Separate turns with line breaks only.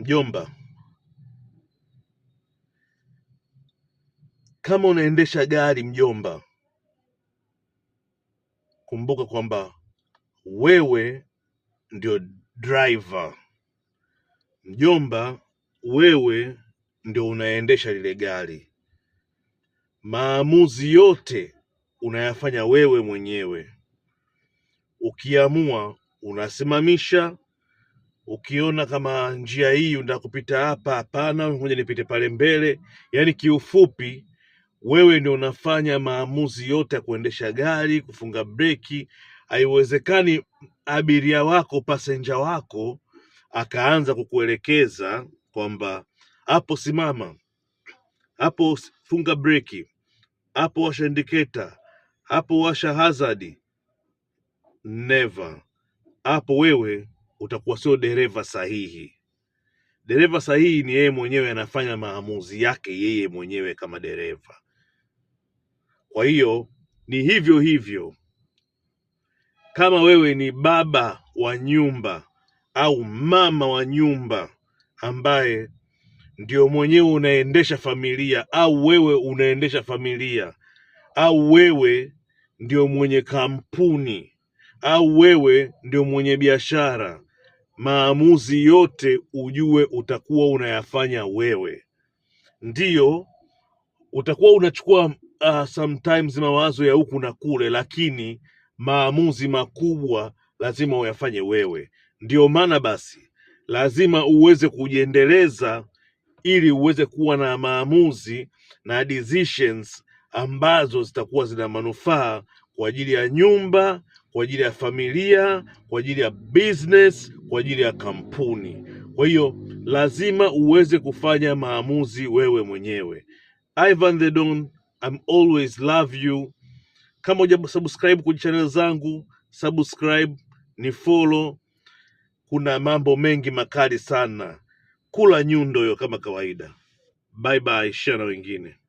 Mjomba, kama unaendesha gari mjomba, kumbuka kwamba wewe ndio driver mjomba, wewe ndio unaendesha lile gari. Maamuzi yote unayafanya wewe mwenyewe. Ukiamua unasimamisha, ukiona kama njia hii unataka kupita hapa, hapana, ngoja nipite pale mbele. Yaani kiufupi, wewe ndio unafanya maamuzi yote ya kuendesha gari, kufunga breki. Haiwezekani abiria wako, pasenja wako akaanza kukuelekeza kwamba hapo simama, hapo funga breki, hapo washa indiketa, hapo washa hazadi. Never hapo wewe utakuwa sio dereva sahihi. Dereva sahihi ni yeye mwenyewe anafanya maamuzi yake yeye mwenyewe kama dereva. Kwa hiyo ni hivyo hivyo, kama wewe ni baba wa nyumba au mama wa nyumba ambaye ndio mwenyewe unaendesha familia au wewe unaendesha familia au wewe ndio mwenye kampuni au wewe ndio mwenye biashara maamuzi yote ujue utakuwa unayafanya wewe, ndiyo utakuwa unachukua uh, sometimes mawazo ya huku na kule, lakini maamuzi makubwa lazima uyafanye wewe. Ndiyo maana basi lazima uweze kujiendeleza ili uweze kuwa na maamuzi na decisions ambazo zitakuwa zina manufaa kwa ajili ya nyumba, kwa ajili ya familia, kwa ajili ya business, kwa ajili ya kampuni. Kwa hiyo lazima uweze kufanya maamuzi wewe mwenyewe. Ivan the Don, I'm always love you. Kama uja subscribe kwenye channel zangu, subscribe ni follow. Kuna mambo mengi makali sana, kula nyundo hiyo kama kawaida. Bye bye, share na wengine.